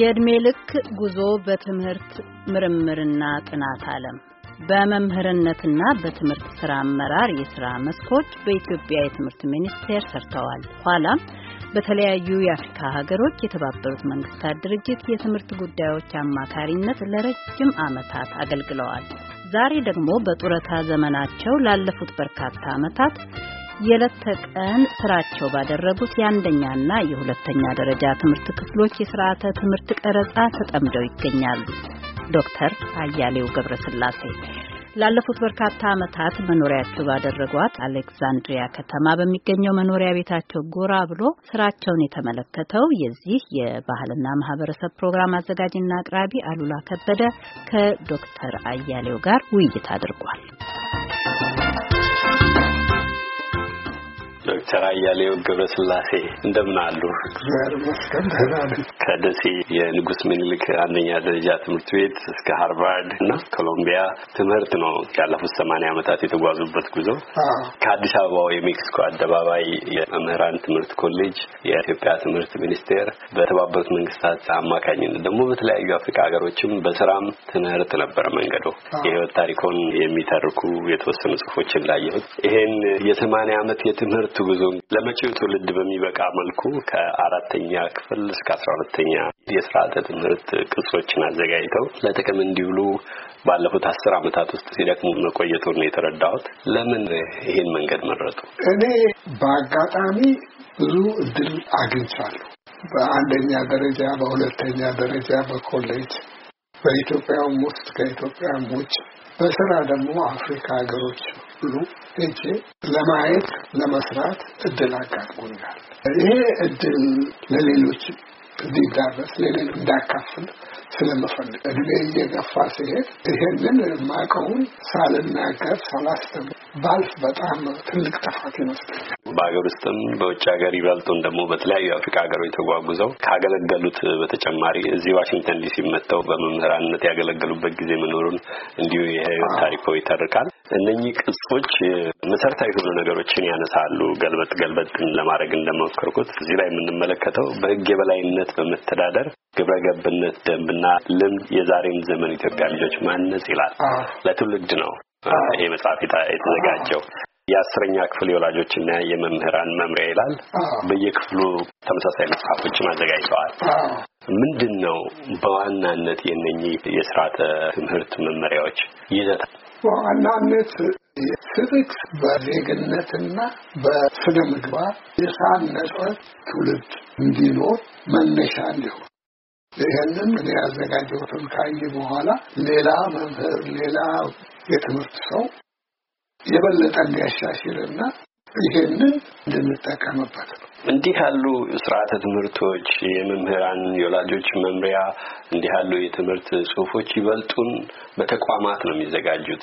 የእድሜ ልክ ጉዞ በትምህርት ምርምርና ጥናት ዓለም በመምህርነትና በትምህርት ስራ አመራር የስራ መስኮች በኢትዮጵያ የትምህርት ሚኒስቴር ሰርተዋል። ኋላም በተለያዩ የአፍሪካ ሀገሮች የተባበሩት መንግስታት ድርጅት የትምህርት ጉዳዮች አማካሪነት ለረጅም ዓመታት አገልግለዋል። ዛሬ ደግሞ በጡረታ ዘመናቸው ላለፉት በርካታ ዓመታት የዕለት ተቀን ስራቸው ባደረጉት የአንደኛና የሁለተኛ ደረጃ ትምህርት ክፍሎች የስርዓተ ትምህርት ቀረጻ ተጠምደው ይገኛሉ። ዶክተር አያሌው ገብረስላሴ ላለፉት በርካታ ዓመታት መኖሪያቸው ባደረጓት አሌክዛንድሪያ ከተማ በሚገኘው መኖሪያ ቤታቸው ጎራ ብሎ ስራቸውን የተመለከተው የዚህ የባህልና ማህበረሰብ ፕሮግራም አዘጋጅና አቅራቢ አሉላ ከበደ ከዶክተር አያሌው ጋር ውይይት አድርጓል። ዶክተር አያሌው ገብረስላሴ እንደምን አሉ? ከደሴ የንጉስ ምኒልክ አንደኛ ደረጃ ትምህርት ቤት እስከ ሃርቫርድ እና ኮሎምቢያ ትምህርት ነው ያለፉት ሰማንያ ዓመታት የተጓዙበት ጉዞ። ከአዲስ አበባው የሜክሲኮ አደባባይ የመምህራን ትምህርት ኮሌጅ የኢትዮጵያ ትምህርት ሚኒስቴር በተባበሩት መንግስታት አማካኝነት ደግሞ በተለያዩ አፍሪካ ሀገሮችም በስራም ትምህርት ነበረ መንገዶ። የህይወት ታሪኮን የሚተርኩ የተወሰኑ ጽሁፎችን ላየሁት ይሄን የሰማንያ ዓመት የትምህርት ጉዞ ይዞ ለመጪው ትውልድ በሚበቃ መልኩ ከአራተኛ ክፍል እስከ አስራ ሁለተኛ የስርዓተ ትምህርት ቅጾችን አዘጋጅተው ለጥቅም እንዲውሉ ባለፉት አስር ዓመታት ውስጥ ሲደክሙ መቆየቱን ነው የተረዳሁት። ለምን ይሄን መንገድ መረጡ? እኔ በአጋጣሚ ብዙ እድል አግኝቻለሁ። በአንደኛ ደረጃ፣ በሁለተኛ ደረጃ፣ በኮሌጅ በኢትዮጵያም ውስጥ ከኢትዮጵያም ውጭ በስራ ደግሞ አፍሪካ ሀገሮች ብሎ ሄጄ ለማየት ለመስራት እድል አጋጥሞኛል። ይሄ እድል ለሌሎች እንዲዳረስ ለሌሎች እንዳካፍል ስለምፈልግ እድሜ እየገፋ ሲሄድ ይሄንን የማውቀውን ሳልናገር ሳላስተምር ባልፍ በጣም ትልቅ ጥፋት ይመስለኛል። በሀገር ውስጥም በውጭ ሀገር ይበልጡን ደግሞ በተለያዩ አፍሪካ ሀገሮች ተጓጉዘው ካገለገሉት በተጨማሪ እዚህ ዋሽንግተን ዲሲ መጥተው በመምህራንነት ያገለገሉበት ጊዜ መኖሩን እንዲሁ የህይወት ታሪኮ ይተርካል። እነኚህ ቅጾች መሰረታዊ የሆኑ ነገሮችን ያነሳሉ። ገልበጥ ገልበጥን ለማድረግ እንደሞከርኩት እዚህ ላይ የምንመለከተው በህግ የበላይነት በመተዳደር ግብረ ገብነት ደንብና ልምድ የዛሬን ዘመን ኢትዮጵያ ልጆች ማነጽ ይላል። ለትውልድ ነው ይሄ መጽሐፍ የተዘጋጀው። የአስረኛ ክፍል የወላጆችና የመምህራን መምሪያ ይላል። በየክፍሉ ተመሳሳይ መጽሐፎችን አዘጋጅተዋል። ምንድን ነው በዋናነት የነኚህ የስርዓተ ትምህርት መመሪያዎች ይዘታል? በዋናነት የሲቪክስ በዜግነትና በስነ ምግባር የሳነጸ ትውልድ እንዲኖር መነሻ እንዲሆን ይህንን እኔ ያዘጋጀሁትን ካየ በኋላ ሌላ መምህር፣ ሌላ የትምህርት ሰው የበለጠ እንዲያሻሽልና ይህንን እንድንጠቀምበት ነው። እንዲህ ያሉ ስርዓተ ትምህርቶች የመምህራን የወላጆች መምሪያ እንዲህ ያሉ የትምህርት ጽሁፎች ይበልጡን በተቋማት ነው የሚዘጋጁት።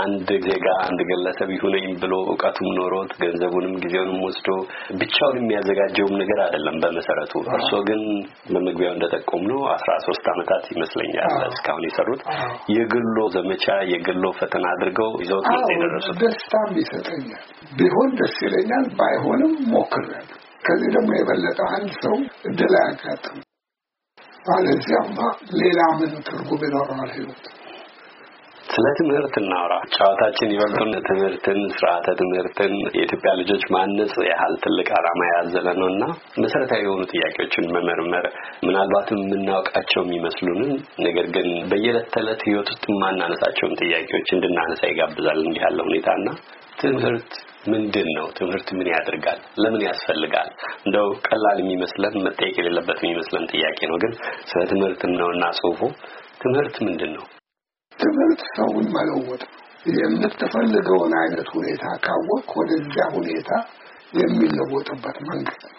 አንድ ዜጋ አንድ ግለሰብ ይሁነኝ ብሎ እውቀቱም ኖሮት ገንዘቡንም ጊዜውንም ወስዶ ብቻውን የሚያዘጋጀውም ነገር አይደለም። በመሰረቱ እርስዎ ግን በመግቢያው እንደጠቆም ነው አስራ ሶስት ዓመታት ይመስለኛል እስካሁን የሰሩት የግሎ ዘመቻ የግሎ ፈተና አድርገው ይዘውት ነው የደረሱት። ደስታም ይሰጠኛል፣ ቢሆን ደስ ይለኛል፣ ባይሆንም ሞክሬያለሁ። ከዚህ ደግሞ የበለጠ አንድ ሰው እድል አያጋጥም። አለዚያማ ሌላ ምን ትርጉም ይኖረዋል ህይወት? ስለ ትምህርት እናውራ። ጨዋታችን ይበልጡን ትምህርትን፣ ስርዓተ ትምህርትን የኢትዮጵያ ልጆች ማነጽ ያህል ትልቅ ዓላማ ያዘለ ነው እና መሰረታዊ የሆኑ ጥያቄዎችን መመርመር ምናልባትም የምናውቃቸው የሚመስሉንን ነገር ግን በየዕለት ተዕለት ህይወት ውስጥ የማናነሳቸውን ጥያቄዎች እንድናነሳ ይጋብዛል። እንዲህ ያለ ሁኔታና ትምህርት ምንድን ነው? ትምህርት ምን ያደርጋል? ለምን ያስፈልጋል? እንደው ቀላል የሚመስለን መጠየቅ የሌለበት የሚመስለን ጥያቄ ነው፣ ግን ስለ ትምህርትም እና ጽሁፉ ትምህርት ምንድን ነው? ትምህርት ሰውን መለወጥ የምትፈልገውን አይነት ሁኔታ ካወቅ ወደዚያ ሁኔታ የሚለወጥበት መንገድ ነው።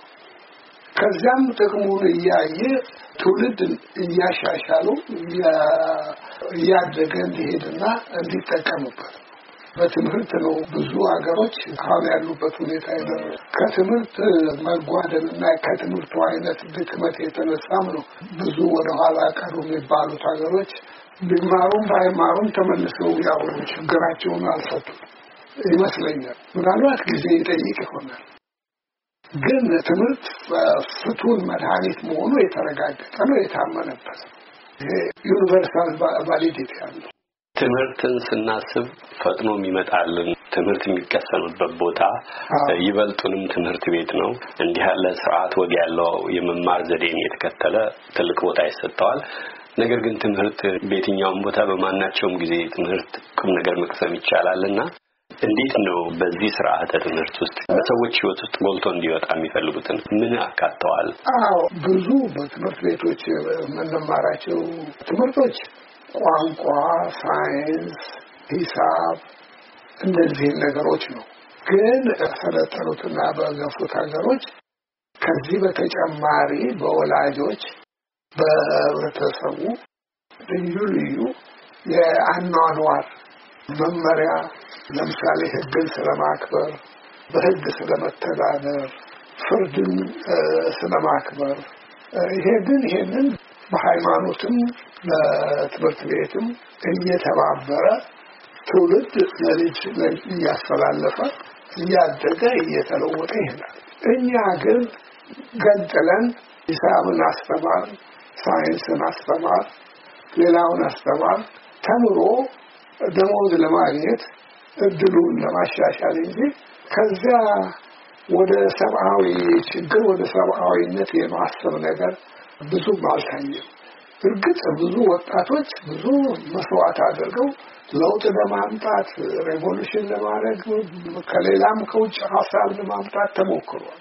ከዚያም ጥቅሙን እያየ ትውልድን እያሻሻሉ እያደገ እንዲሄድና እንዲጠቀምበት በትምህርት ነው ብዙ ሀገሮች አሁን ያሉበት ሁኔታ የደረሱ ከትምህርት መጓደል እና ከትምህርቱ አይነት ድክመት የተነሳም ነው ብዙ ወደኋላ ቀሩ የሚባሉት ሀገሮች ቢማሩም ባይማሩም ተመልሰው ያሁኑ ችግራቸውን አልፈቱም ይመስለኛል። ምናልባት ጊዜ ይጠይቅ ይሆናል። ግን ትምህርት ፍቱን መድኃኒት መሆኑ የተረጋገጠ ነው፣ የታመነበት ይሄ ዩኒቨርሳል ቫሊዲቲ ያለው ትምህርትን ስናስብ ፈጥኖ የሚመጣልን ትምህርት የሚቀሰምበት ቦታ ይበልጡንም ትምህርት ቤት ነው። እንዲህ ያለ ስርዓት ወግ ያለው የመማር ዘዴን የተከተለ ትልቅ ቦታ ይሰጠዋል። ነገር ግን ትምህርት በየትኛውም ቦታ በማናቸውም ጊዜ ትምህርት ቁም ነገር መቅሰም ይቻላል እና እንዴት ነው በዚህ ስርዓተ ትምህርት ውስጥ በሰዎች ህይወት ውስጥ ጎልቶ እንዲወጣ የሚፈልጉትን ምን አካተዋል? አዎ ብዙ በትምህርት ቤቶች የምንማራቸው ትምህርቶች ቋንቋ፣ ሳይንስ፣ ሂሳብ እነዚህን ነገሮች ነው። ግን በሰለጠኑትና በገፉት ሀገሮች ከዚህ በተጨማሪ በወላጆች በህብረተሰቡ ልዩ ልዩ የአኗኗር መመሪያ ለምሳሌ ህግን ስለማክበር፣ በህግ ስለመተዳደር፣ ፍርድን ስለማክበር ይሄ ግን ይሄንን በሃይማኖትም በትምህርት ቤትም እየተባበረ ትውልድ ለልጅ እያስተላለፈ እያደገ እየተለወጠ ይሄዳል። እኛ ግን ገንጥለን ሂሳብን አስተማር፣ ሳይንስን አስተማር፣ ሌላውን አስተማር ተምሮ ደሞዝ ለማግኘት እድሉን ለማሻሻል እንጂ ከዚያ ወደ ሰብአዊ ችግር ወደ ሰብአዊነት የማሰብ ነገር ብዙም አልታየም። እርግጥ ብዙ ወጣቶች ብዙ መስዋዕት አድርገው ለውጥ ለማምጣት ሬቮሉሽን ለማድረግ ከሌላም ከውጭ ሀሳብ ለማምጣት ተሞክሯል።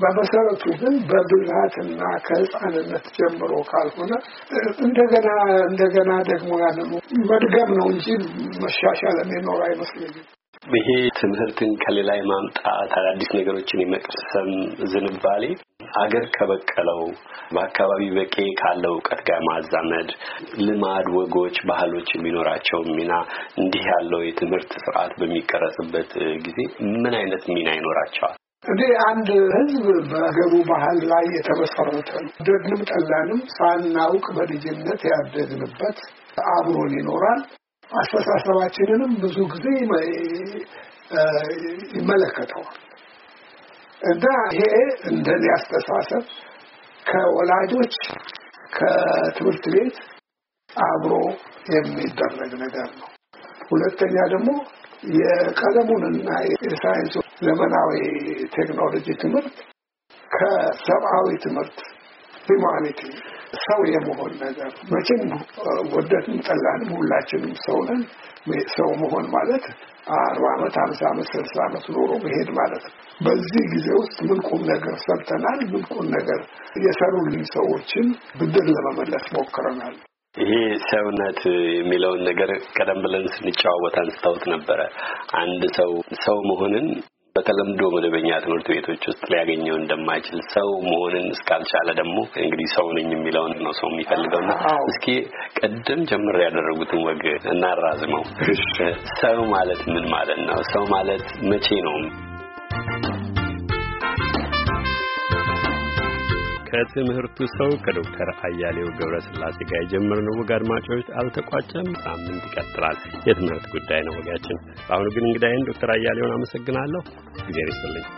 በመሰረቱ ግን በብልሃትና ከህፃንነት ጀምሮ ካልሆነ እንደገና እንደገና ደግሞ ያንኑ መድገም ነው እንጂ መሻሻል የሚኖር አይመስለኝም። ይሄ ትምህርትን ከሌላ የማምጣት አዳዲስ ነገሮችን የመቅሰም ዝንባሌ አገር ከበቀለው በአካባቢ በቂ ካለው እውቀት ጋር ማዛመድ፣ ልማድ፣ ወጎች፣ ባህሎች የሚኖራቸው ሚና እንዲህ ያለው የትምህርት ስርዓት በሚቀረጽበት ጊዜ ምን አይነት ሚና ይኖራቸዋል? እንግዲህ አንድ ህዝብ በሀገሩ ባህል ላይ የተመሰረተ ነው። ጠላንም ሳናውቅ በልጅነት ያደግንበት አብሮን ይኖራል። አስተሳሰባችንንም ብዙ ጊዜ ይመለከተዋል። እና ይሄ እንደዚህ አስተሳሰብ ከወላጆች ከትምህርት ቤት አብሮ የሚደረግ ነገር ነው። ሁለተኛ ደግሞ የቀለሙንና የሳይንሱ ዘመናዊ ቴክኖሎጂ ትምህርት ከሰብአዊ ትምህርት ሂማኒቲ ሰው የመሆን ነገር መቼም ወደድም ጠላንም ሁላችንም ሰው ነን። ሰው መሆን ማለት አርባ ዓመት፣ ሀምሳ ዓመት፣ ስልሳ ዓመት ኖሮ መሄድ ማለት ነው። በዚህ ጊዜ ውስጥ ምን ቁም ነገር ሰርተናል? ምን ቁም ነገር የሰሩልኝ ሰዎችን ብድር ለመመለስ ሞክረናል? ይሄ ሰውነት የሚለውን ነገር ቀደም ብለን ስንጨዋወት አንስታውት ነበረ። አንድ ሰው ሰው መሆንን በተለምዶ መደበኛ ትምህርት ቤቶች ውስጥ ሊያገኘው እንደማይችል ሰው መሆንን እስካልቻለ ደግሞ እንግዲህ ሰው ነኝ የሚለውን ነው ሰው የሚፈልገው። እና እስኪ ቀደም ጀምር ያደረጉትን ወግ እናራዝመው። ሰው ማለት ምን ማለት ነው? ሰው ማለት መቼ ነው ከትምህርቱ ሰው ከዶክተር አያሌው ገብረስላሴ ጋር የጀመርነው ወግ አድማጮች አልተቋጨም። ሳምንት ይቀጥላል። የትምህርት ጉዳይ ነው ወጋችን። በአሁኑ ግን እንግዳይን ዶክተር አያሌውን አመሰግናለሁ። ጊዜ ይስጥልኝ።